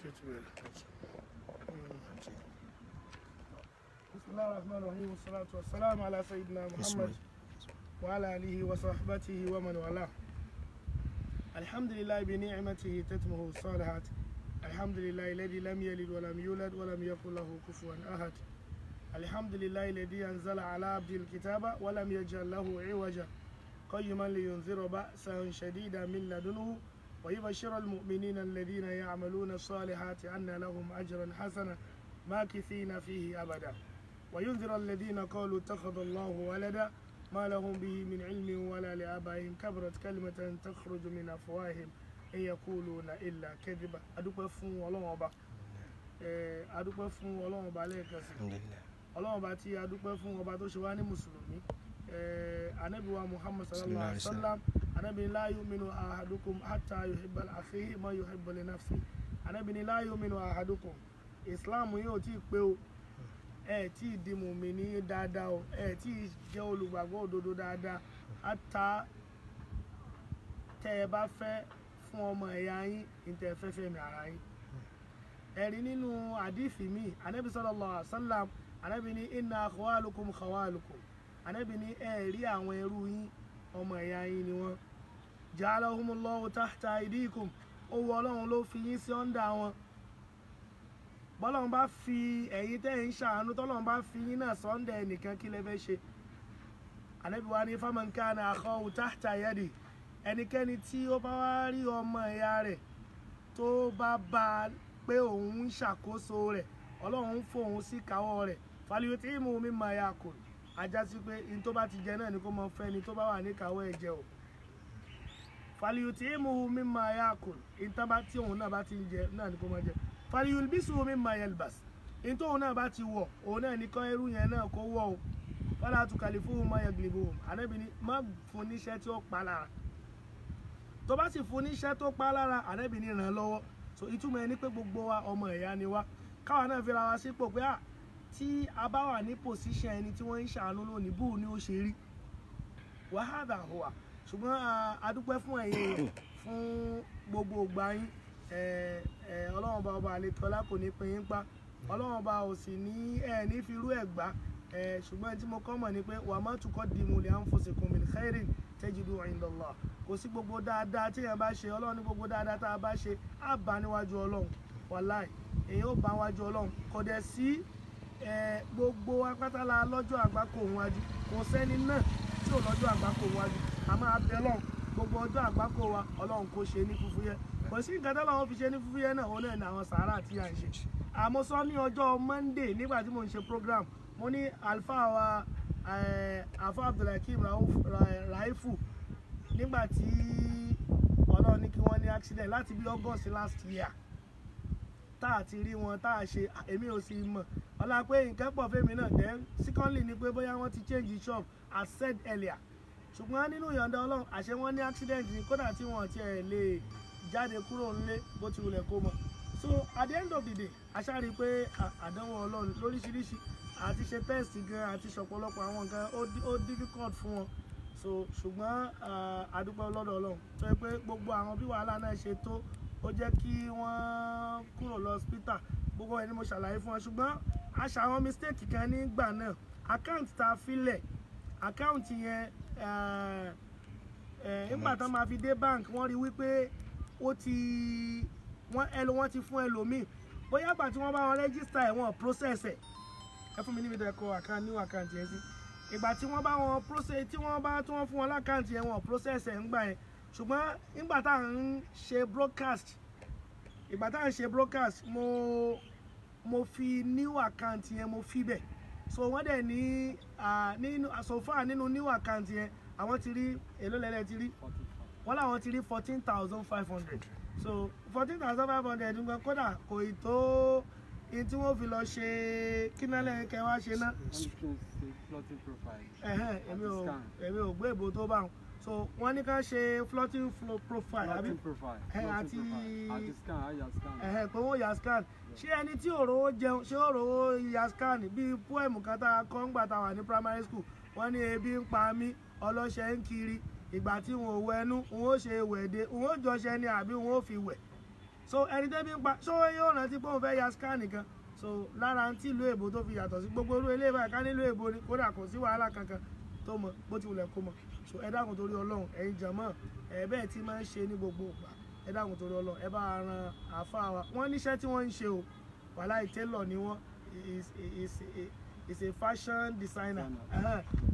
بسم الله الرحمن الرحيم والصلاة والسلام على سيدنا محمد وعلى آله وصحبته ومن والاه الحمد لله بنعمته تتمه الصالحات الحمد لله الذي لم يلد ولم يولد ولم يكن له كفوا أحد الحمد لله الذي أنزل على عبد الكتاب ولم يجعل له عوجا قيما لينذر بأسا شديدا من لدنه ويبشر المؤمنين الذين يعملون الصالحات أن لهم أجرا حسنا ماكثين فيه أبدا وينذر الذين قالوا اتخذ الله ولدا ما لهم به من علم ولا لآبائهم كبرت كلمة تخرج من أفواههم إن يقولون إلا كذبا أدوك فون ولون أبا أدوك فون ولون أبا لك ولون أبا تي أدوك فون أبا توشواني مسلمي أنبي محمد صلى الله عليه وسلم anabi la yuminu ahadukum hatta yuhibba akhihi ma yuhibbu li nafsi anabi la yuminu ahadukum islam yóò tí ì pé o ẹ tí ì di mùmínì dáadáa o ẹ tí ì jẹ́ olùgbàgbọ́ òdodo dáadáa hatta tẹ́ ẹ bá fẹ́ fún ọmọ ẹ̀yà yín ìtẹ̀ fẹ́fẹ́ mi ara yín ẹ̀rí nínú àdífì mi anabi sallallahu alaihi wasallam anabi ní inna khawalukum khawalukum anabi ní ẹ̀rí àwọn ẹrú yín ọmọ ẹ̀yà yín ni wọ́n ja'alahumullahu tahta aydikum ó wọ ọlọ́run ló fi yín sí ọ́ndà wọn bọ́lọ́run bá fi ẹ̀yin tẹ́ ń ṣàánú tọ́lọ́run bá fi yín náà sọ́ndà ẹnìkan kí lẹ fẹ́ ṣe ànábì wa ní faman kana akhahu tahta yadi ẹnikẹ́ni tí ó bá wá rí ọmọ ìyá rẹ̀ tó bá bá a pé òun ń ṣàkóso rẹ̀ ọlọ́run ń fòun sí káwọ́ rẹ̀ fàlíwò tí mò ń mímọ ẹ̀yà kò ajá sí pé ní tó bá ti jẹ náà ni kó mọ fẹ́ ni tó bá wà ní káwọ́ ẹ̀ o fàlìyùtì ìmùhù mímọ ayá kù ìtàbá tí òun náà bá ti ń jẹ náà ní kó máa jẹ fàlìyùl bísùhù mímọ ayẹlbàs ìtò òun náà bá ti wọ òun náà ní kán irú yẹn náà kó wọ o fọlá àtúkàlì fún ọmọ yẹn gbìlìbò ànábì ni má fún níṣẹ́ tí ó pa lára tó bá sì fún níṣẹ́ tó pa lára ànábì ni ràn lọ́wọ́ so ìtumọ̀ ẹni pé gbogbo wa ọmọ ẹ̀yà ni wa káwa náà fi ra wa sípò pé à tí a bá wà ní pòsíṣàn ẹni tí wọ́n ń ṣàánú lónìí bú ni ó ṣe rí wàhálà hùwà ṣùgbọ́n adúpẹ́ fún ẹ̀yin èèyàn fún gbogbo ìgbà yín ọlọ́run bá ọba àlejò ọlá kò ní pín yín pa ọlọ́run bá ò sì ní ẹ̀ ní firú ẹ̀ gbá ṣùgbọ́n tí mo kọ́ mọ̀ ni pé wà má tukọ́ di mo lè à ń fòsè kùn mí khairin tajidu indallah kò sí gbogbo dáadáa tí èèyàn bá ṣe ọlọ́run ní gbogbo dáadáa tá a bá ṣe á bá níwájú ọlọ́run wàláì èyí ó bá wájú ọlọ́run kò dẹ̀ sí gbogbo apátálá lọ́jọ́ àgbákò òun wájú kò sẹ́ni náà tí ò lọ́jọ́ àgbákò òun wájú a máa bẹ lọ́hùn gbogbo ọjọ́ àgbákò wa ọlọ́run kò ṣe ní fúfúyẹ́ kò sí nǹkan tó lọ́wọ́ fi ṣe ní fúfúyẹ́ náà òun náà ní àwọn sàárà tí à ń ṣe àmọ́ sọ ní ọjọ́ monday nígbà tí mo ń ṣe program mo ní alfa wa alfa eh, abdulhakeem raifu nígbà tí ọlọ́run ní kí wọ́n ní accident láti bí august last year tá a ti rí wọn tá a ṣe èmi ò sì mọ̀ ọlá pé nǹkan pọ̀ fẹ́mi náà then secondly ni pé bóyá wọ́n ti change shop as said earlier ṣùgbọ́n nínú ìyọ̀ǹda ọlọ́run àṣẹ wọn ní accident ni kódà tí wọn tiẹ̀ lè jáde kúrò nílé bó ti wulẹ̀ kó mọ so at the end of the day aṣáárí pé àdánwò ọlọ́run lóríṣiríṣi àti ṣe test gan àti ṣọ̀pọ̀lọpọ̀ àwọn nǹkan ó difficult fún wọn so ṣùgbọ́n àdúpẹ́ lọ́dọ̀ ọlọ́run tó yẹ pé gbogbo àwọn bí wàhálà náà ṣe tó ó jẹ́ kí wọ́n kúrò lọ hospital gbogbo ẹni mo ṣàlàyé fún wọn ṣùgbọ́n a mistake kan nígbà náà account tá a filẹ̀ account yẹn Eh, eh, nígbà tán máa fi dé bank wọ́n rí wípé ó ti wọ́n ẹlò wọ́n ti fún ẹlòmíì bóyá àgbà tí wọ́n bá wọn rẹ́gísítà ẹ̀ process ẹ̀ ẹ fún mi níbi dẹ́kọ̀ àkáǹtì new àkáǹtì ẹ̀ sí ìgbà tí wọ́n bá wọn process tí wọ́n bá tí wọ́n fún wọn lákáǹtì ẹ̀ wọ́n process ẹ̀ ń gbà yẹn ṣùgbọ́n nígbà tá à ń ṣe broadcast ìgbà tá à ń ṣe broadcast mo mo fi new àkáǹtì yẹn mo fi bẹ́ẹ̀ so wọ́n dẹ̀ ní nínú so far nínú new account yẹn àwọn ti rí èló lẹ́lẹ́ ti rí wọ́n làwọn ti rí fourteen thousand five hundred so fourteen thousand five hundred ń gbọ́ kódà kò ì tó in tí wọ́n fi lọ ṣe kínálẹ̀ kẹwàá ṣe ná. èmi ò gbé ìbò tó bá wọn so wọ́n ní ká ṣe floating profile àbí àti pé wọ́n yà scan ṣé ẹni tí ò rówó jẹun ṣé ó rówó yaskan bíi poem kan tá tá a wà ní primary school wọ́n ní ebi ń pa mí ọlọ́ṣẹ́ ń kiri ìgbà tí wọn ò wẹnu wọn ó ṣe wẹ̀dẹ̀ wọn ó jọṣẹ ni àbí wọn ó fi wẹ̀ so ẹni tẹ́bí ń pa ṣó yóò rántí pé òun fẹ́ yaskan nìkan so lára ń tí ìlú èbó tó fi yàtọ̀ sí gbogbo irú ilé ìbáyìí ká nílùú èbó ni kódà kò sí wàhálà kankan tó mọ bó ti wulẹ̀ kó mọ so ẹ dákun torí ọlọ́run ẹ̀yin jàmọ́ ẹ̀ bẹ́ẹ̀ tí máa ń ṣe ní gbogbo ìgbà ẹ dákun torí ọlọ ẹ bá ran àáfàá wa wọ́n níṣẹ́ tí wọ́n ń ṣe o wàláì tailor ni wọ́n is a fashion designer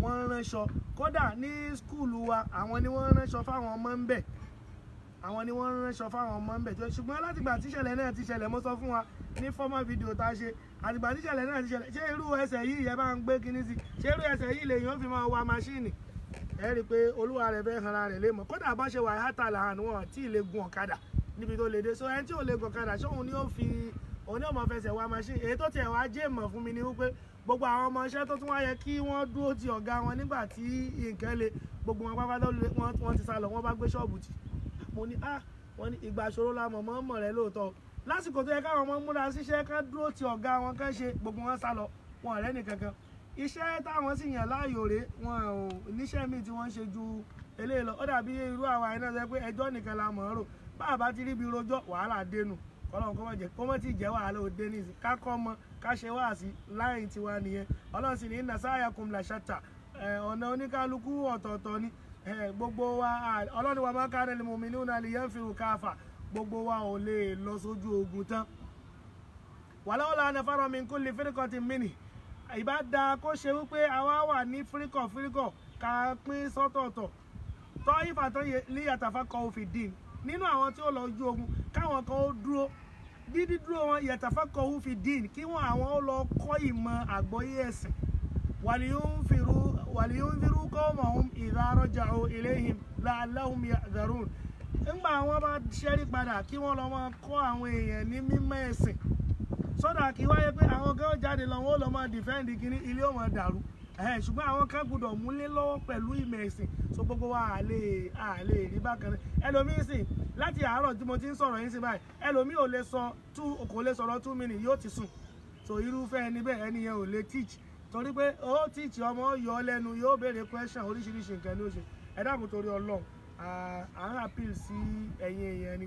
wọ́n ń ránṣọ kódà ní skúlù wa àwọn ni wọ́n ń ránṣọ fáwọn ọmọ ń bẹ̀ àwọn ni wọ́n ń ránṣọ fáwọn ọmọ ń bẹ̀ tó ṣùgbọ́n látìgbà tíṣẹ̀lẹ̀ náà ti ṣẹlẹ̀ mo sọ fún wa ní formal video tá a ṣe àtìgbà tíṣẹ̀lẹ̀ náà ti ṣẹlẹ̀ ṣé irú ẹsẹ̀ yìí yẹ bá ń gbé kinní sí ṣé irú ẹsẹ̀ yìí lèyìn ó fi máa wa máṣíìnì ẹ rí i pé olúwa rẹ̀ fẹ́ hanra rẹ̀ lé kódà bá ṣe wà hátà làhàn wọn tí ì lè gun ọ̀kadà níbi tó lè dé so ẹni tí ò lè gun ọ̀kadà ṣóun ni ó fi òní ọmọ fẹsẹ̀ wá machine èyí tó tiẹ̀ wá jẹ́ mọ̀ fún mi ni wípé gbogbo àwọn ọmọ iṣẹ́ tó tún wá kí wọ́n dúró ti ọ̀gá wọn nígbà tí nǹkan le gbogbo wọn pápá wọn ti sá lọ wọn bá gbé ṣọ́ọ̀bù tì mo ní ah wọn ní ìgbà ṣòro la mọ̀ mọ́ mọ̀ rẹ lóòótọ́ lásìkò tó yẹ káwọn ọmọ múra síṣẹ́ kán dúró ti ọ̀gá wọn kán ṣe gbogbo wọn sá lọ wọn ọ̀rẹ́ nìkankan iṣẹ́ táwọn sì yàn láàyò rèé wọn ò níṣẹ́ míì tí wọ́n ń ṣe ju eléyìí lọ ó dàbí irú àwọn àìná sẹ pé ẹjọ́ nìkan la mọ̀ ọ́n rò báàbá ti ríbi rojọ́ wàhálà dénú ọlọ́run kọ́ mọ̀ jẹ́ kó mọ̀ tí jẹ́ wàhálà ò dé nìyí ká kọ́ mọ ká ṣe wáàsí láyìn tiwa nìyẹn ọlọ́run sì ní nasaya kumla shata ọ̀nà oníkálukú ọ̀tọ̀ọ̀tọ̀ ni gbogbo wa ọlọ́run wa máa ká rẹ̀ lẹ́mọ̀mí ní ònà àlìyẹ́ fi rù káfà gbogbo wa ò lè lọ sójú ogun tán wàlọ́wọ́lá anáfàrọ̀ mi kúlì fírìkọ́tì mínì ìbá dáa kó ṣe wípé àwa wà ní fíríkọ̀ fíríkọ̀ ká pín sọ́tọ̀ọ̀tọ̀ tọ́ ìfàtọ́ ní yàtàfàkọ̀ òfin dín nínú àwọn tí ó lọ ju ogun káwọn kan ó dúró dídí dúró wọn yàtàfàkọ̀ òfin dín kí wọn àwọn ó lọ kọ́ ìmọ̀ àgbọ́yé ẹ̀sìn wàlíyúnfirú kọ́mọ̀ ohun ìdárọ́jà iléhìn láàláhùn yàdàrún ńgbà wọn bá ṣẹ́rí padà kí wọ́n lọ máa kọ́ àwọn èèyàn ní mímọ̀ ẹ̀sìn sọ́dọ̀ àkíwáyé pé àwọn kan jáde lọ wọn ò lọ máa dìfẹ́ǹdì kínní ilé ò máa dàrú ṣùgbọ́n àwọn kan gbọ́dọ̀ múlé lọ́wọ́ pẹ̀lú ìmọ̀ ẹ̀sìn so gbogbo wa à lè à lè rí bákan náà ẹlòmíín sìn láti àárọ̀ tí mo ti ń sọ̀rọ̀ yín sí báyìí ẹlòmíín ò lè sọ tú kò lè sọ̀rọ̀ two minutes yóò ti sùn so irúfẹ́ ẹni bẹ́ẹ̀ ẹni yẹn ò lè teach torí pé ó teach ọmọ yọ lẹ́nu yóò béèrè question oríṣiríṣi nǹkan ní oṣù ẹ dáàbò torí ọlọ́run à ń appeal sí ẹ̀yin èèyàn ni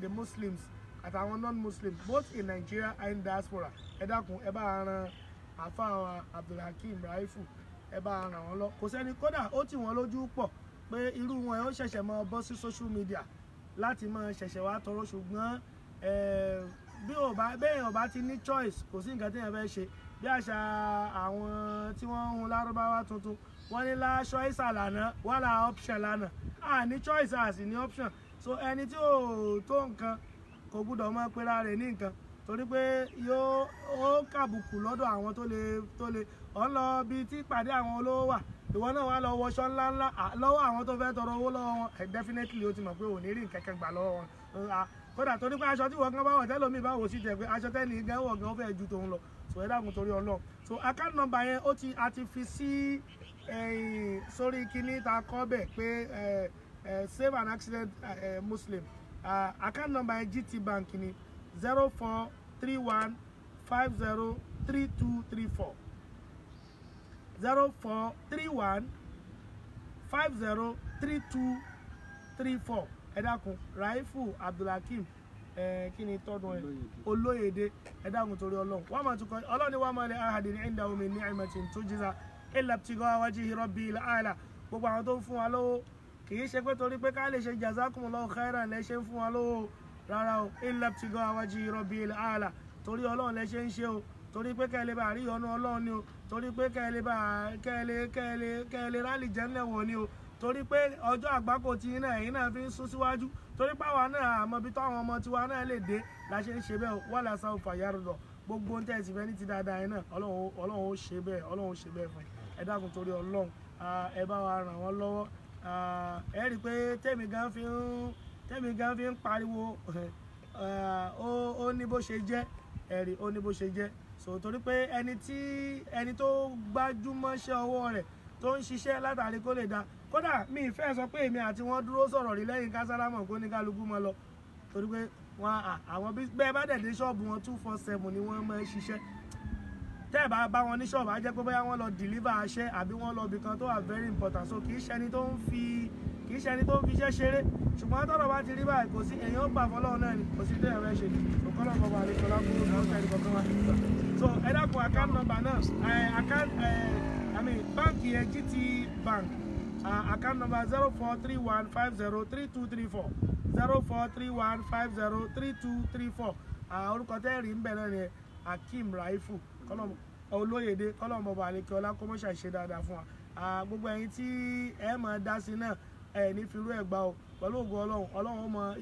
the Muslims àtàwọn non-muslim both in Nigeria and diaspora ẹ dákun ẹ bá ran àfáà Abdulhakeem Raifu ẹ bá ràn wọ́n lọ kò sẹ́ni kódà ó tì wọ́n lójú pọ̀ pé irú wọn ó ṣẹ̀ṣẹ̀ máa bọ́ sí social media láti máa ṣẹ̀ṣẹ̀ wá tọrọ ṣùgbọ́n eh, bí ò bá bẹ́ẹ̀ ò bá ti ní choice kò sí nǹkan tí yẹn fẹ́ ṣe bí àṣà àwọn tí wọ́n ń hun lárúbáwá tuntun wọ́n ní láṣọ ìsà lànà wọ́n là option lànà à ní choice à ní option so ẹni tí ò tó nǹkan kò gbúdọ̀ máa pera rẹ̀ ní nǹkan torí pé yóò kàbùkù lọ́dọ̀ àwọn tó lè tó lè ọ̀ ń lọ bí tí ìpàdé àwọn olówó wà ìwọ náà wá lọ wọṣọ ńlá ńlá lọ́wọ́ àwọn tó fẹ́ tọrọ owó lọ́wọ́ wọn definitely o ti mọ̀ pé ò ní rí nkẹ́kẹ́ gbà lọ́wọ́ wọn kódà torí pé aṣọ tí wọ́n gan bá wọ̀ tẹ́lómi bá wò sí jẹ́ pé aṣọ tẹ́ni gan wọ̀ gan fẹ́ ju tòun lọ so ẹ dákun torí Ọlọ́run so account number yẹn ó ti a ti fi sí sórí kíní ta kọ́ bẹ̀ pé save an accident muslim uh, account number ẹ GT Bank ni zero four three one five zero three two three four zero four three one five zero three two three four ẹ dákun Raifu Abdulhakeem ẹ kí ni tọdún ẹ Olóyèdè ẹ dákun torí Ọlọ́run wọn ni wọn máa lè ahadin inda omi ní àìmọtì tó jíza ilẹ̀ tí kò gbogbo àwọn tó ń wa lọ́wọ́ kì í ṣe pé torí pé ká lè ṣe jazakumullahu khairan lẹ ṣe ń fún wa lówó rárá o ilẹ̀tìgọ́ àwájú rabbil àlà torí ọlọ́run lẹ ṣe ń ṣe o torí pé kẹ́ẹ̀lẹ́ bá rí ọ̀nà ọlọ́run ni o torí pé kẹ́ẹ̀lẹ́ bá kẹ́ẹ̀lẹ́ kẹ́ẹ̀lẹ́ kẹ́ẹ̀lẹ́ rálì jẹ́ńlẹ̀ wọ̀ ni o torí pé ọjọ́ àgbákò tí iná ẹ̀yìn náà fi ń sún síwájú torí páwa náà àmọ́ ibi táwọn ọmọ tiwa náà lè dé la ṣe ń ṣe bẹ́ẹ̀ wọ́n lásán ò fàyàrọ̀dọ̀ gbogbo ń tẹ̀sí fẹ́ ní ti dáadáa yẹn náà ọlọ́run ó ṣe bẹ́ẹ̀ ọlọ́run ó ṣe bẹ́ẹ̀ fún ẹ dákun torí ọlọ́run ẹ bá wa ràn wọ́n lọ́wọ́ Ah, ẹ rí i pé tèmi gan fi ń tèmi gan fi ń pariwo ah, ó ní bó ṣe jẹ́ ẹ̀rí ó ní bó ṣe jẹ́ so torí pé ẹni tí ẹni tó gbájúmọ́ ṣe ọwọ́ rẹ̀ tó ń ṣiṣẹ́ látàrí kó lè da kódà mi ìfẹ́ sọ pé èmi àti wọn dúró sọ̀rọ̀ rí lẹ́yìn kásálámọ̀ kó ní kálukú mọ́ lọ torí pé wọn àwọn bí bẹ́ẹ̀ bá dẹ̀ dé ṣọ́ọ̀bù wọn two four seven ni wọ́n máa ń ṣiṣẹ́ tẹ́ ẹ̀ bá bá wọn ní ṣọ́ọ̀bù á jẹ́ pé bóyá wọ́n lọ deliver aṣẹ́ àbí wọ́n lọ ibìkan tó wà very important so kì í ṣẹni tó ń fi kì í ṣẹni tó ń fi iṣẹ́ ṣeré ṣùgbọ́n tọ́lọ̀ bá ti rí báyìí kò sí èèyàn ó gbà fọlọ́run náà ni kò sí tó ẹ̀rọ ẹ̀ṣẹ̀ òkọ́lọ́ bọ̀bọ̀ àlejò lákòókò náà ọ̀sẹ̀ nìkan kan wá. so ẹ dákun account number náà account I mean báǹkì yẹn GT bank account number zero four three one five zero three two three four zero four three one five zero three two three four orúkọ tẹ́ẹ̀rì ń bẹ̀rẹ̀ nìyẹn Akeem Raifu kọ́lọ́mù olóyèdè kọ́lọ́mù ọba àlekè ọlá kó mọ́ṣà ṣe dáadáa fún wa gbogbo ẹ̀yin tí ẹ máa dá sí náà ẹ ní firú ẹ̀ gbà o pẹ̀lú ògùn ọlọ́run ọlọ́run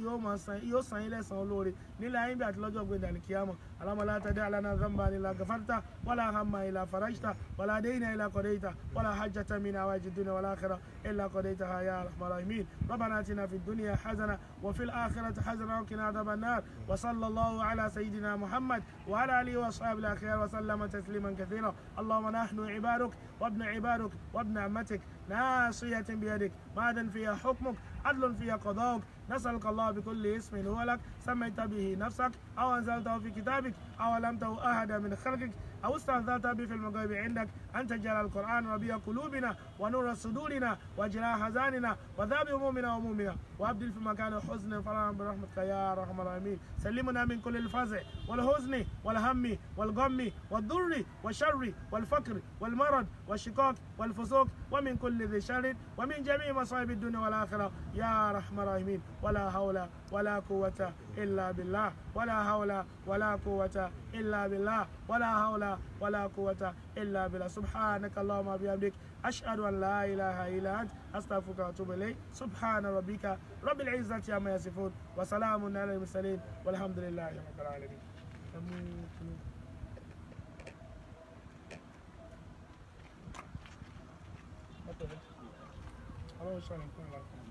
yóò san yín lẹ́san olóore nílẹ̀ ayé bí àti lọ́jọ́ gbẹdàlì kíámọ̀ اللهم لا تدع لنا ذنبا الا غفرته ولا هم الا فرجته ولا دين الا قضيته ولا حجة من حوائج الدنيا والاخره الا قضيتها يا ارحم الراحمين ربنا اتنا في الدنيا حسنه وفي الاخره حسنه وقنا عذاب النار وصلى الله على سيدنا محمد وعلى اله وصحبه الاخيار وسلم تسليما كثيرا اللهم نحن عبادك وابن عبادك وابن عمتك ناصية بيدك ماذا فيها حكمك عدل فيها قضاؤك نسألك الله بكل اسم هو لك سميت به نفسك أو أنزلته في كتابك أو علمته أحدا من خلقك أو ذات أبي في المغيب عندك أن تجعل القرآن ربي قلوبنا ونور صدورنا وجلاء حزاننا وذاب همومنا ومومنا وأبدل في مكان حزن فرحا برحمتك يا أرحم الراحمين سلمنا من كل الفزع والحزن والهم والغم والضر والشر والفقر والمرض والشقاق والفسوق ومن كل ذي شر ومن جميع مصائب الدنيا والآخرة يا أرحم الراحمين ولا حول ولا قوة إلا بالله ولا حول ولا قوة إلا بالله ولا حول ولا قوة إلا بالله سبحانك اللهم وبحمدك أشهد أن لا إله إلا أنت أستغفرك وأتوب إليك سبحان ربك رب العزة عما يصفون وسلام على المرسلين والحمد لله رب العالمين Hello, sorry,